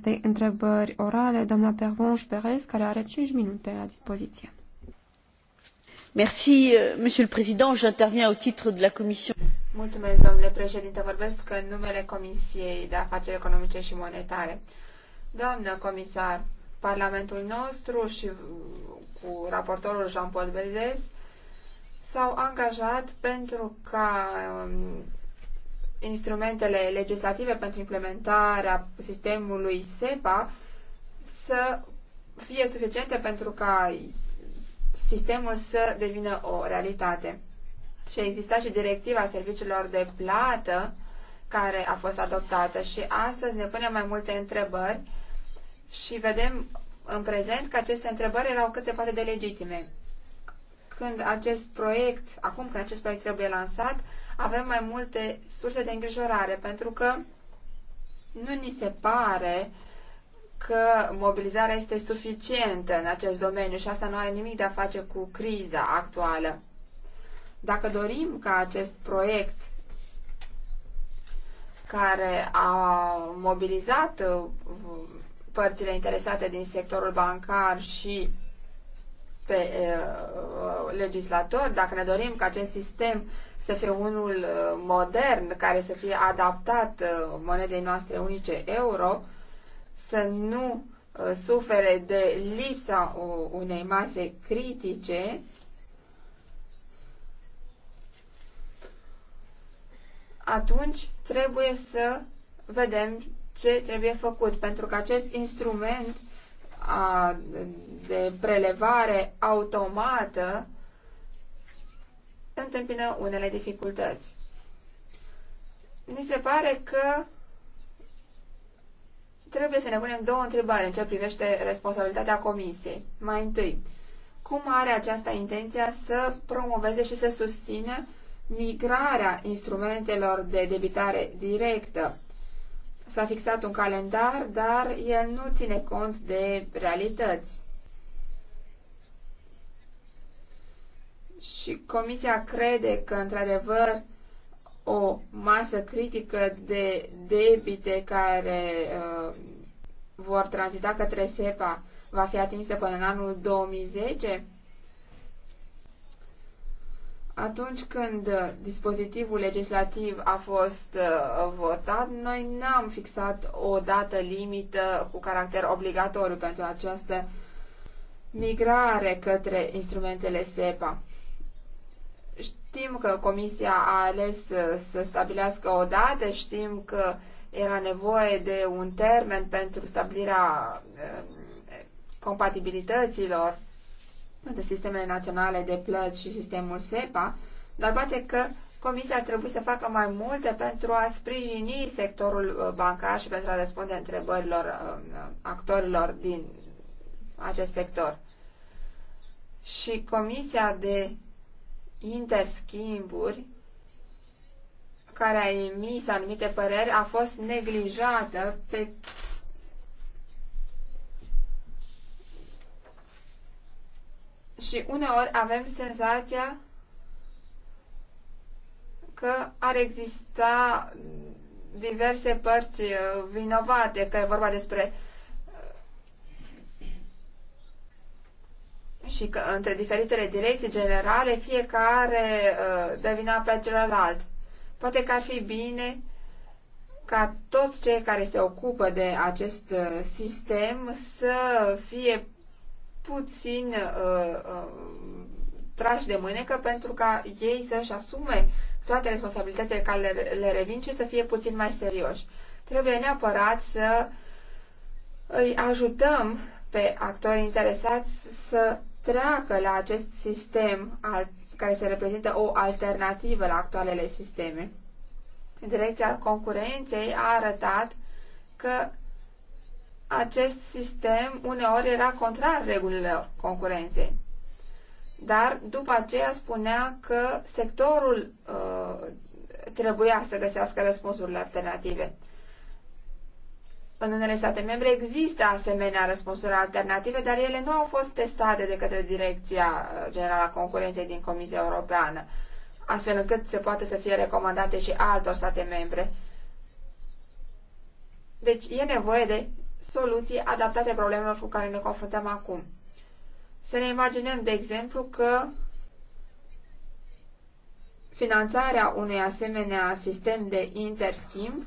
acestei întrebări orale, doamna Pervonș Perez, care are 5 minute la dispoziție. Merci, Monsieur le Président. J'interviens au titre de la Commission. Mulțumesc, domnule președinte. Vorbesc în numele Comisiei de Afaceri Economice și Monetare. Doamnă comisar, Parlamentul nostru și uh, cu raportorul Jean-Paul Bezes s-au angajat pentru ca um, instrumentele legislative pentru implementarea sistemului SEPA să fie suficiente pentru ca sistemul să devină o realitate. Și existat și directiva serviciilor de plată care a fost adoptată și astăzi ne punem mai multe întrebări și vedem în prezent că aceste întrebări erau cât se poate de legitime. Când acest proiect, acum când acest proiect trebuie lansat, avem mai multe surse de îngrijorare, pentru că nu ni se pare că mobilizarea este suficientă în acest domeniu și asta nu are nimic de a face cu criza actuală. Dacă dorim ca acest proiect care a mobilizat uh, părțile interesate din sectorul bancar și pe uh, uh dacă ne dorim ca acest sistem să fie unul uh, modern care să fie adaptat uh, monedei noastre unice euro, să nu uh, sufere de lipsa unei mase critice, atunci trebuie să vedem ce trebuie făcut, pentru că acest instrument a, de prelevare automată întâmpină unele dificultăți. Ni se pare că trebuie să ne punem două întrebări în ce privește responsabilitatea comisiei. Mai întâi, cum are aceasta intenția să promoveze și să susțină migrarea instrumentelor de debitare directă? S-a fixat un calendar, dar el nu ține cont de realități. și Comisia crede că, într-adevăr, o masă critică de debite care uh, vor tranzita către SEPA va fi atinsă până în anul 2010? Atunci când dispozitivul legislativ a fost uh, votat, noi n-am fixat o dată limită cu caracter obligatoriu pentru această migrare către instrumentele SEPA. Știm că Comisia a ales uh, să stabilească o dată, știm că era nevoie de un termen pentru stabilirea uh, compatibilităților între sistemele naționale de plăți și sistemul SEPA, dar poate că Comisia ar trebui să facă mai multe pentru a sprijini sectorul uh, bancar și pentru a răspunde întrebărilor actorilor din acest sector. Și Comisia de interschimburi care a emis anumite păreri a fost neglijată pe și uneori avem senzația că ar exista diverse părți uh, vinovate, că e vorba despre uh, și că între diferitele direcții generale fiecare uh, dă vina pe celălalt. Poate că ar fi bine ca toți cei care se ocupă de acest uh, sistem să fie puțin uh, uh, trași de mânecă pentru ca ei să-și asume toate responsabilitățile care le, le revin și să fie puțin mai serioși. Trebuie neapărat să îi ajutăm pe actori interesați să treacă la acest sistem al, care se reprezintă o alternativă la actualele sisteme. Direcția concurenței a arătat că acest sistem uneori era contrar regulilor concurenței. Dar după aceea spunea că sectorul uh, trebuia să găsească răspunsurile alternative. În unele state membre există asemenea răspunsuri alternative, dar ele nu au fost testate de către Direcția Generală a Concurenței din Comisia Europeană, astfel încât se poate să fie recomandate și altor state membre. Deci e nevoie de soluții adaptate problemelor cu care ne confruntăm acum. Să ne imaginăm, de exemplu, că finanțarea unui asemenea sistem de interschimb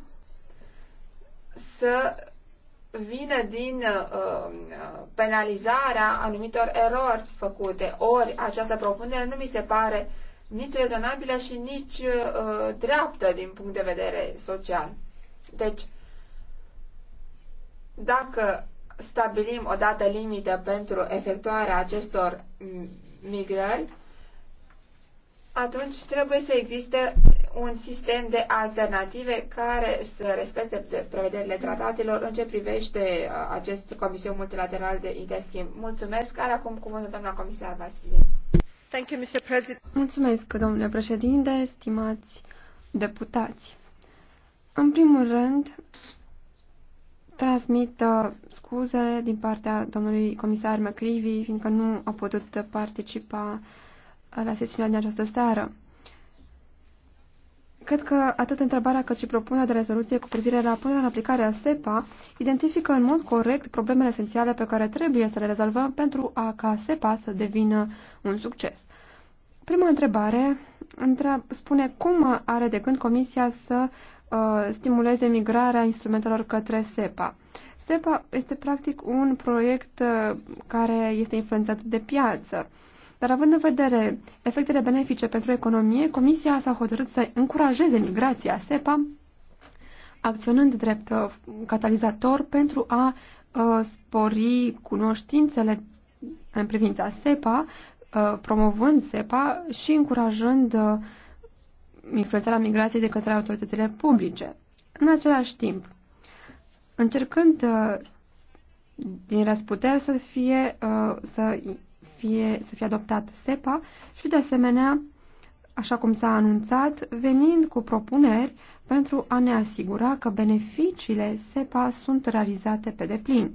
să vină din uh, uh, penalizarea anumitor erori făcute. Ori această propunere nu mi se pare nici rezonabilă și nici uh, dreaptă din punct de vedere social. Deci, dacă stabilim o dată limită pentru efectuarea acestor mm, migrări, atunci trebuie să existe un sistem de alternative care să respecte prevederile tratatelor în ce privește uh, acest Comision Multilateral de Interschimb. Mulțumesc. Are acum cuvântul doamna comisar Vasilie. Thank you, Mr. President. Mulțumesc, domnule președinte, stimați deputați. În primul rând, transmit uh, scuze din partea domnului comisar McCreevy, fiindcă nu a putut participa la sesiunea din această seară. Cred că atât întrebarea cât și propunerea de rezoluție cu privire la punerea în aplicare a SEPA identifică în mod corect problemele esențiale pe care trebuie să le rezolvăm pentru a ca SEPA să devină un succes. Prima întrebare spune cum are de gând Comisia să uh, stimuleze migrarea instrumentelor către SEPA. SEPA este practic un proiect uh, care este influențat de piață. Uh, dar având în vedere efectele benefice pentru economie, Comisia s-a hotărât să încurajeze migrația SEPA, acționând drept uh, catalizator pentru a uh, spori cunoștințele în privința SEPA, uh, promovând SEPA și încurajând influențarea migrației de către autoritățile publice. În același timp, încercând din răsputeri să fie, să fie, să fie adoptat SEPA și, de asemenea, așa cum s-a anunțat, venind cu propuneri pentru a ne asigura că beneficiile SEPA sunt realizate pe deplin.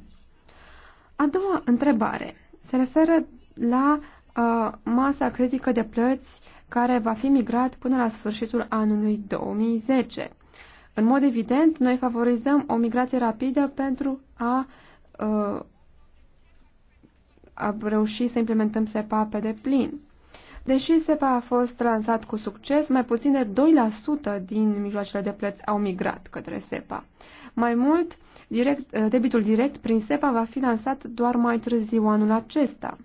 A doua întrebare se referă la uh, masa critică de plăți care va fi migrat până la sfârșitul anului 2010. În mod evident, noi favorizăm o migrație rapidă pentru a uh, a reușit să implementăm SEPA pe deplin. Deși SEPA a fost lansat cu succes, mai puțin de 2% din mijloacele de plăți au migrat către SEPA. Mai mult, direct, debitul direct prin SEPA va fi lansat doar mai târziu anul acesta.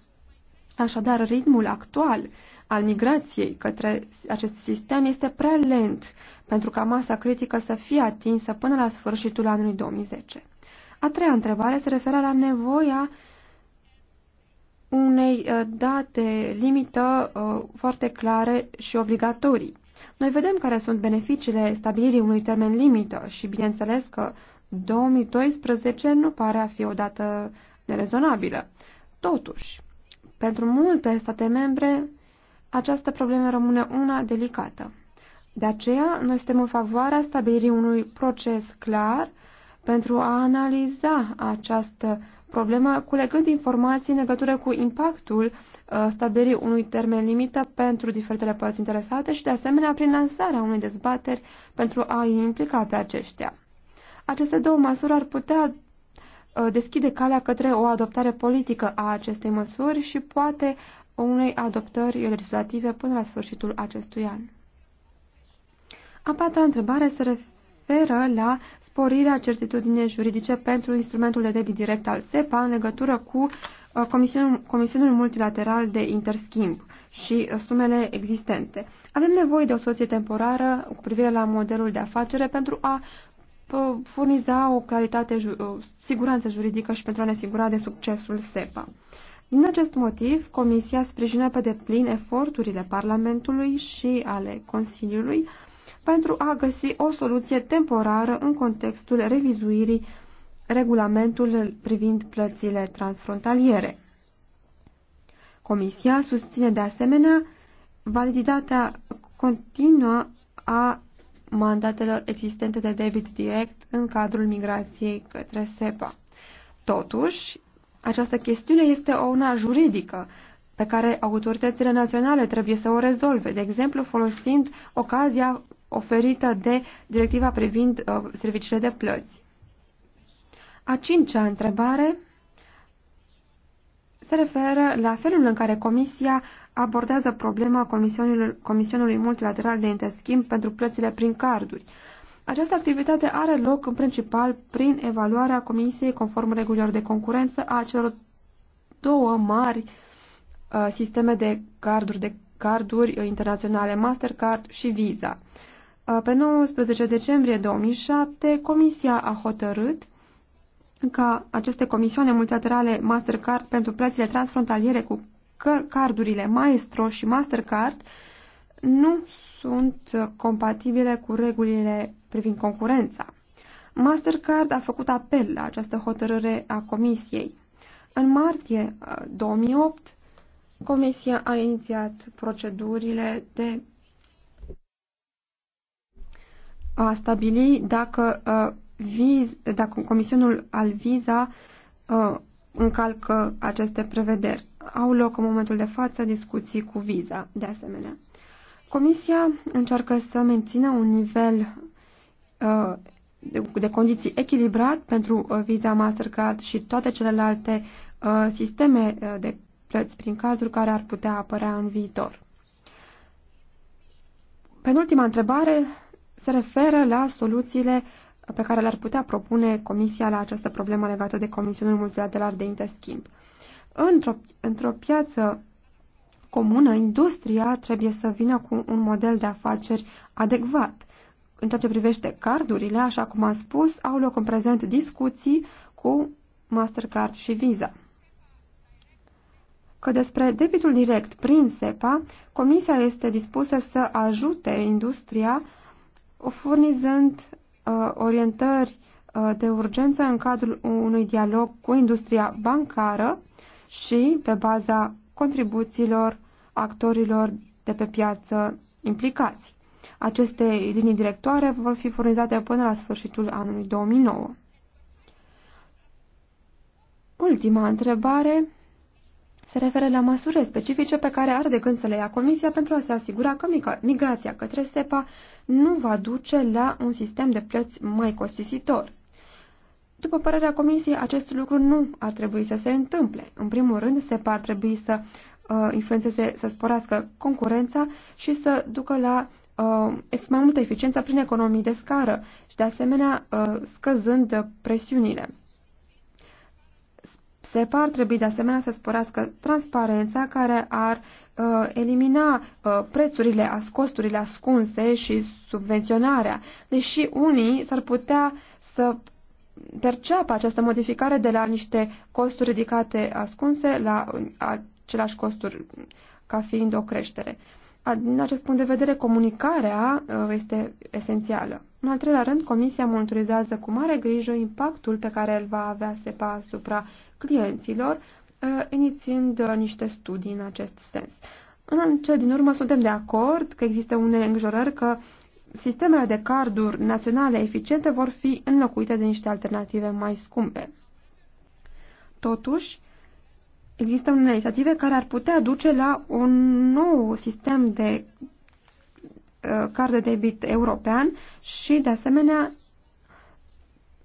Așadar, ritmul actual al migrației către acest sistem este prea lent pentru ca masa critică să fie atinsă până la sfârșitul anului 2010. A treia întrebare se referă la nevoia unei uh, date limită uh, foarte clare și obligatorii. Noi vedem care sunt beneficiile stabilirii unui termen limită și bineînțeles că 2012 nu pare a fi o dată nerezonabilă. Totuși, pentru multe state membre, această problemă rămâne una delicată. De aceea, noi suntem în favoarea stabilirii unui proces clar pentru a analiza această problema culegând informații în legătură cu impactul uh, stabilirii unui termen limită pentru diferitele părți interesate și, de asemenea, prin lansarea unei dezbateri pentru a îi implica pe aceștia. Aceste două măsuri ar putea uh, deschide calea către o adoptare politică a acestei măsuri și poate unei adoptări legislative până la sfârșitul acestui an. A patra întrebare se referă referă la sporirea certitudinii juridice pentru instrumentul de debit direct al SEPA în legătură cu uh, Comisiunul Comisionul Multilateral de Interschimb și uh, sumele existente. Avem nevoie de o soție temporară cu privire la modelul de afacere pentru a uh, furniza o claritate, o siguranță juridică și pentru a ne asigura de succesul SEPA. Din acest motiv, Comisia sprijină pe deplin eforturile Parlamentului și ale Consiliului pentru a găsi o soluție temporară în contextul revizuirii regulamentul privind plățile transfrontaliere. Comisia susține de asemenea validitatea continuă a mandatelor existente de debit direct în cadrul migrației către SEPA. Totuși, această chestiune este o una juridică pe care autoritățile naționale trebuie să o rezolve, de exemplu folosind ocazia oferită de directiva privind uh, serviciile de plăți. A cincea întrebare se referă la felul în care Comisia abordează problema Comisionului, Comisionului Multilateral de Interschimb pentru plățile prin carduri. Această activitate are loc în principal prin evaluarea Comisiei conform regulilor de concurență a celor două mari uh, sisteme de carduri, de carduri uh, internaționale Mastercard și Visa. Uh, pe 19 decembrie 2007, Comisia a hotărât ca aceste comisioane multilaterale Mastercard pentru plățile transfrontaliere cu cardurile Maestro și Mastercard nu sunt compatibile cu regulile privind concurența. Mastercard a făcut apel la această hotărâre a Comisiei. În martie 2008, uh, Comisia a inițiat procedurile de a stabili dacă, uh, viz, dacă comisionul al viza uh, încalcă aceste prevederi. Au loc în momentul de față discuții cu viza, de asemenea. Comisia încearcă să mențină un nivel uh, de, condiții echilibrat pentru uh, Visa Mastercard și toate celelalte uh, sisteme uh, de plăți prin cazuri care ar putea apărea în viitor. Penultima întrebare se referă la soluțiile pe care le-ar putea propune Comisia la această problemă legată de Comisionul Multilateral de Interschimb. Într-o, într-o piață comună, industria trebuie să vină cu un model de afaceri adecvat. În ceea ce privește cardurile, așa cum am spus, au loc în prezent discuții cu Mastercard și Visa. Că despre debitul direct prin SEPA, Comisia este dispusă să ajute industria furnizând uh, orientări uh, de urgență în cadrul unui dialog cu industria bancară și pe baza contribuțiilor actorilor de pe piață implicați. Aceste linii directoare vor fi furnizate până la sfârșitul anului 2009. Ultima întrebare se referă la măsuri specifice pe care are de gând să le ia Comisia pentru a se asigura că migrația către SEPA nu va duce la un sistem de plăți mai costisitor. După părerea Comisiei, acest lucru nu ar trebui să se întâmple. În primul rând, SEPA ar trebui să uh, influențeze, să sporească concurența și să ducă la uh, mai multă eficiență prin economii de scară și, de asemenea, uh, scăzând presiunile. SEPA ar trebui de asemenea să sporească transparența care ar uh, elimina uh, prețurile, as, costurile ascunse și subvenționarea, deși unii s-ar putea să perceapă această modificare de la niște costuri ridicate ascunse la uh, același costuri ca fiind o creștere. Uh, din acest punct de vedere, comunicarea uh, este esențială. În al treilea rând, Comisia monitorizează cu mare grijă impactul pe care îl va avea SEPA asupra clienților, uh, inițiind uh, niște studii în acest sens. În cel din urmă, suntem de acord că există unele îngrijorări că sistemele de carduri naționale eficiente vor fi înlocuite de niște alternative mai scumpe. Totuși, există unele inițiative care ar putea duce la un nou sistem de uh, card de debit european și, de asemenea,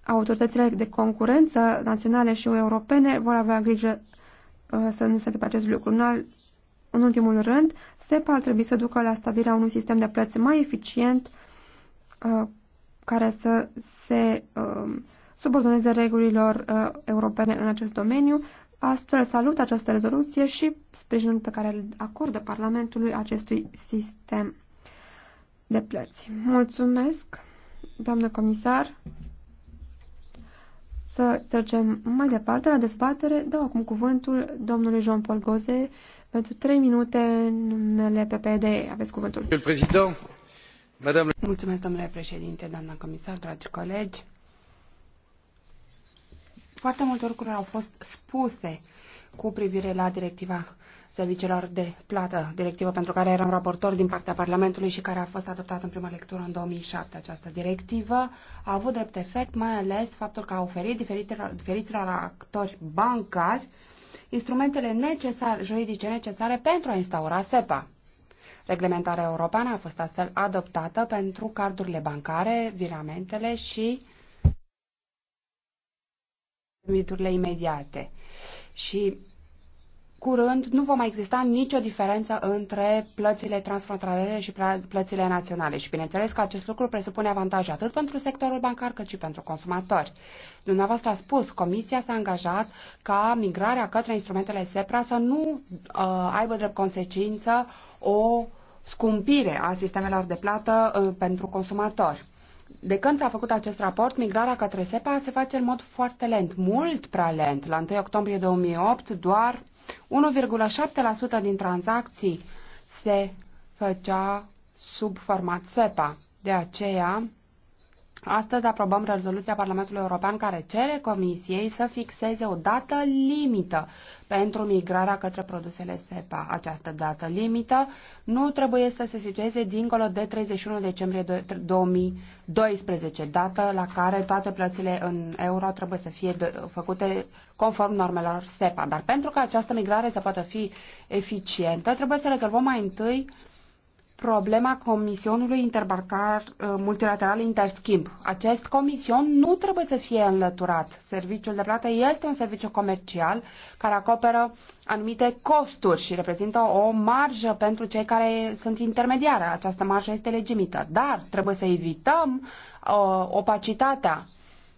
autoritățile de concurență naționale și europene vor avea grijă uh, să nu se întâmple acest lucru. În, în ultimul rând, SEPA ar trebui să ducă la stabilirea unui sistem de plăți mai eficient uh, care să se subordoneze regulilor europene în acest domeniu. Astfel salut această rezoluție și sprijinul pe care îl acordă Parlamentului acestui sistem de plăți. Mulțumesc, doamnă comisar. Să trecem mai departe la dezbatere. Dau acum cuvântul domnului Jean-Paul Goze pentru 3 minute în numele PPD. Aveți cuvântul. Mulțumesc, domnule președinte, doamna comisar, dragi colegi. Foarte multe lucruri au fost spuse cu privire la directiva serviciilor de plată, directivă pentru care eram raportor din partea Parlamentului și care a fost adoptată în prima lectură în 2007. Această directivă a avut drept efect mai ales faptul că a oferit diferiților actori bancari instrumentele necesare, juridice necesare pentru a instaura SEPA. Reglementarea europeană a fost astfel adoptată pentru cardurile bancare, viramentele și uh, summiturile imediate. Și curând nu va mai exista nicio diferență între plățile transfrontaliere și plățile naționale și bineînțeles că acest lucru presupune avantaje atât pentru sectorul bancar cât și pentru consumatori. Dumneavoastră a spus, Comisia s-a angajat ca migrarea către instrumentele SEPRA să nu uh, aibă drept consecință o scumpire a sistemelor de plată uh, pentru consumatori de când s-a făcut acest raport, migrarea către SEPA se face în mod foarte lent, mult prea lent. La 1 octombrie 2008, doar 1,7% din tranzacții se făcea sub format SEPA. De aceea, Astăzi aprobăm rezoluția Parlamentului European care cere Comisiei să fixeze o dată limită pentru migrarea către produsele SEPA. Această dată limită nu trebuie să se situeze dincolo de 31 decembrie 2012, dată la care toate plățile în euro trebuie să fie făcute conform normelor SEPA. Dar pentru că această migrare să poată fi eficientă, trebuie să rezolvăm mai întâi problema Comisionului Interbancar uh, Multilateral Interschimb. Acest comision nu trebuie să fie înlăturat. Serviciul de plată este un serviciu comercial care acoperă anumite costuri și reprezintă o marjă pentru cei care sunt intermediari. Această marjă este legimită, dar trebuie să evităm uh, opacitatea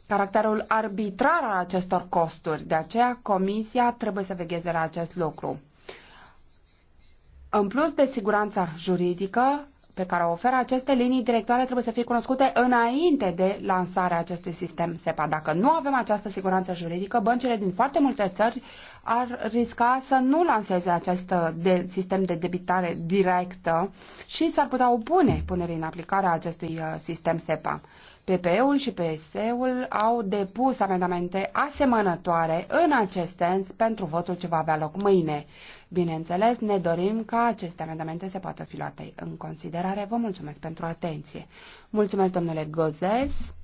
caracterul arbitrar al acestor costuri. De aceea, Comisia trebuie să vegheze la acest lucru. În plus de siguranța juridică pe care o oferă aceste linii directoare trebuie să fie cunoscute înainte de lansarea acestui sistem SEPA. Dacă nu avem această siguranță juridică, băncile din foarte multe țări ar risca să nu lanseze acest de, sistem de debitare directă și s-ar putea opune punerii în aplicare a acestui uh, sistem SEPA. PPE-ul și PS-ul au depus amendamente asemănătoare în acest sens pentru votul ce va avea loc mâine. Bineînțeles, ne dorim ca aceste amendamente să poată fi luate în considerare. Vă mulțumesc pentru atenție. Mulțumesc, domnule Gozes.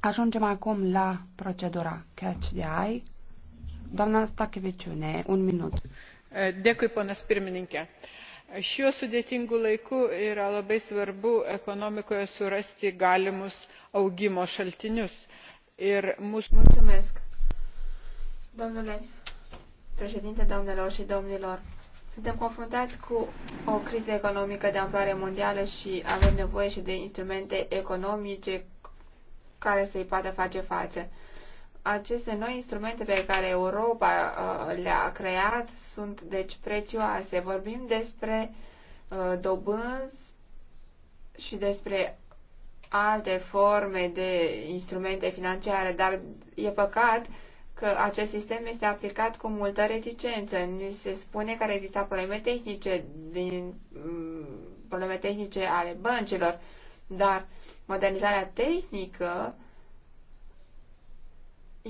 Ajungem acum la procedura Catch the Eye. Doamna Stacheviciune, un minut. Dăcui, până pirmininche šiuo sudėtingu laiku yra labai svarbu ekonomikoje surasti galimus augimo šaltinius ir mūsų Domnule președinte, domnilor și domnilor, suntem confruntați cu o criză economică de amploare mondială și avem nevoie și de instrumente economice care să-i poată face față aceste noi instrumente pe care Europa uh, le-a creat sunt deci prețioase. Vorbim despre uh, dobânzi și despre alte forme de instrumente financiare, dar e păcat că acest sistem este aplicat cu multă reticență. Ni se spune că exista probleme tehnice din mm, probleme tehnice ale băncilor, dar modernizarea tehnică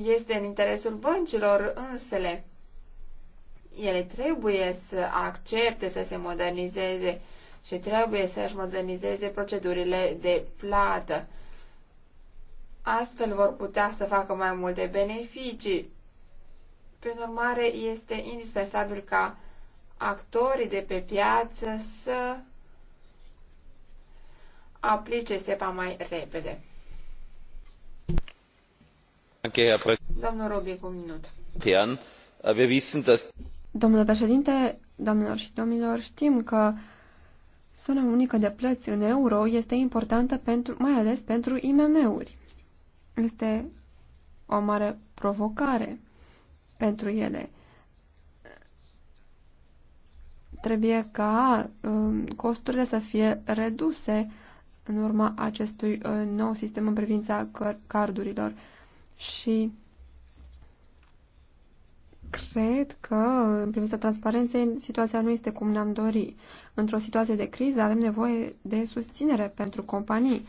este în interesul băncilor însele. Ele trebuie să accepte să se modernizeze și trebuie să-și modernizeze procedurile de plată. Astfel vor putea să facă mai multe beneficii. Prin urmare, este indispensabil ca actorii de pe piață să aplice SEPA mai repede. Domnule președinte, doamnelor și domnilor, știm că zona unică de plăți în euro este importantă pentru, mai ales pentru IMM-uri. Este o mare provocare pentru ele. Trebuie ca um, costurile să fie reduse în urma acestui uh, nou sistem în privința cardurilor și cred că, în privința transparenței, situația nu este cum ne-am dori. Într-o situație de criză avem nevoie de susținere pentru companii.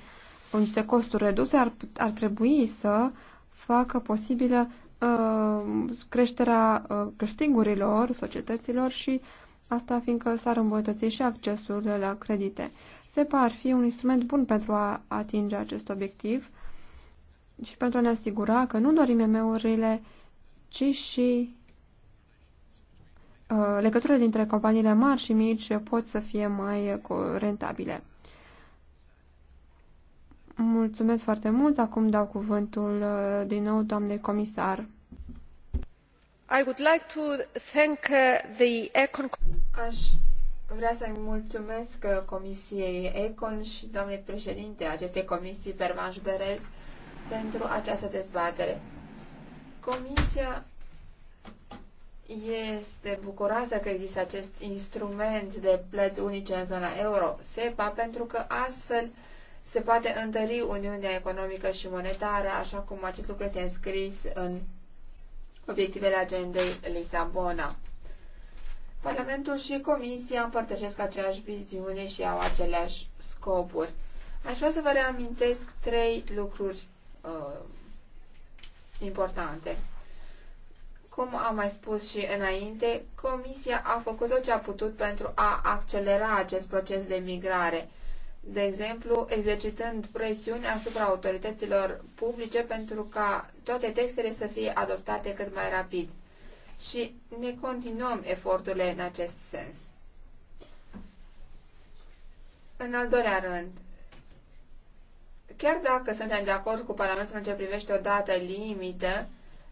Cu niște costuri reduse ar, ar trebui să facă posibilă uh, creșterea uh, câștigurilor societăților și asta fiindcă s-ar îmbunătăți și accesul la credite. SEPA ar fi un instrument bun pentru a atinge acest obiectiv. Uh, și pentru a ne asigura că nu doar IMM-urile, ci și uh, legăturile dintre companiile mari și mici pot să fie mai uh, rentabile. Mulțumesc foarte mult. Acum dau cuvântul uh, din nou doamnei comisar. I would like to thank the Econ... Aș vrea să-i mulțumesc Comisiei Econ și doamnei președinte acestei comisii, Permanș Berez, pentru această dezbatere. Comisia este bucuroasă că există acest instrument de plăți unice în zona euro, SEPA, pentru că astfel se poate întări Uniunea Economică și Monetară, așa cum acest lucru este înscris în obiectivele agendei Lisabona. Parlamentul și Comisia împărtășesc aceeași viziune și au aceleași scopuri. Aș vrea să vă reamintesc trei lucruri uh, importante. Cum am mai spus și înainte, Comisia a făcut tot ce a putut pentru a accelera acest proces de migrare, de exemplu, exercitând presiuni asupra autorităților publice pentru ca toate textele să fie adoptate cât mai rapid. Și ne continuăm eforturile în acest sens. În al doilea rând, Chiar dacă suntem de acord cu Parlamentul în ce privește o dată limită,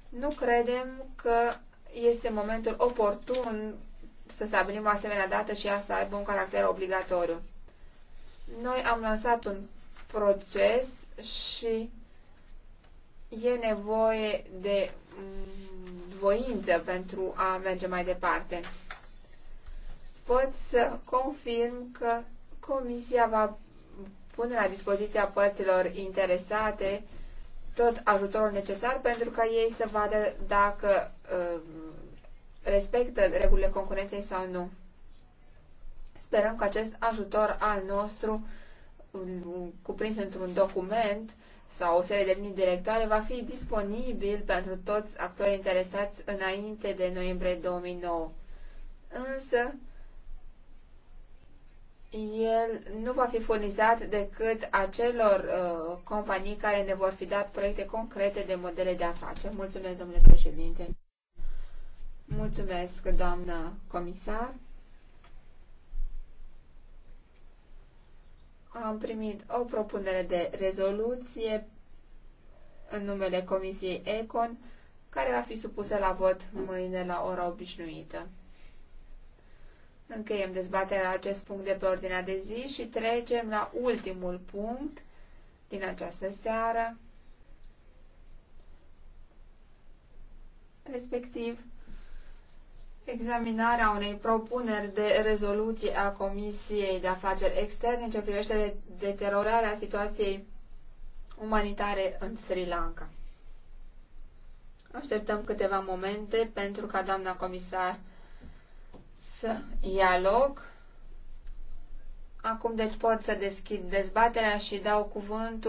nu credem că este momentul oportun să stabilim o asemenea dată și ea să aibă un caracter obligatoriu. Noi am lansat un proces și e nevoie de mm, voință pentru a merge mai departe. Pot să confirm că Comisia va pune la dispoziția părților interesate tot ajutorul necesar pentru ca ei să vadă dacă uh, respectă regulile concurenței sau nu. Sperăm că acest ajutor al nostru, um, cuprins într-un document sau o serie de linii directoare, va fi disponibil pentru toți actorii interesați înainte de noiembrie 2009. Însă, el nu va fi furnizat decât acelor uh, companii care ne vor fi dat proiecte concrete de modele de afaceri. Mulțumesc, domnule președinte. Mulțumesc, doamnă comisar. Am primit o propunere de rezoluție în numele Comisiei Econ, care va fi supusă la vot mâine la ora obișnuită. Încheiem dezbaterea la acest punct de pe ordinea de zi și trecem la ultimul punct din această seară, respectiv examinarea unei propuneri de rezoluție a Comisiei de Afaceri Externe ce privește deteriorarea situației umanitare în Sri Lanka. Așteptăm câteva momente pentru ca doamna comisar să ia loc. Acum deci pot să deschid dezbaterea și dau cuvântul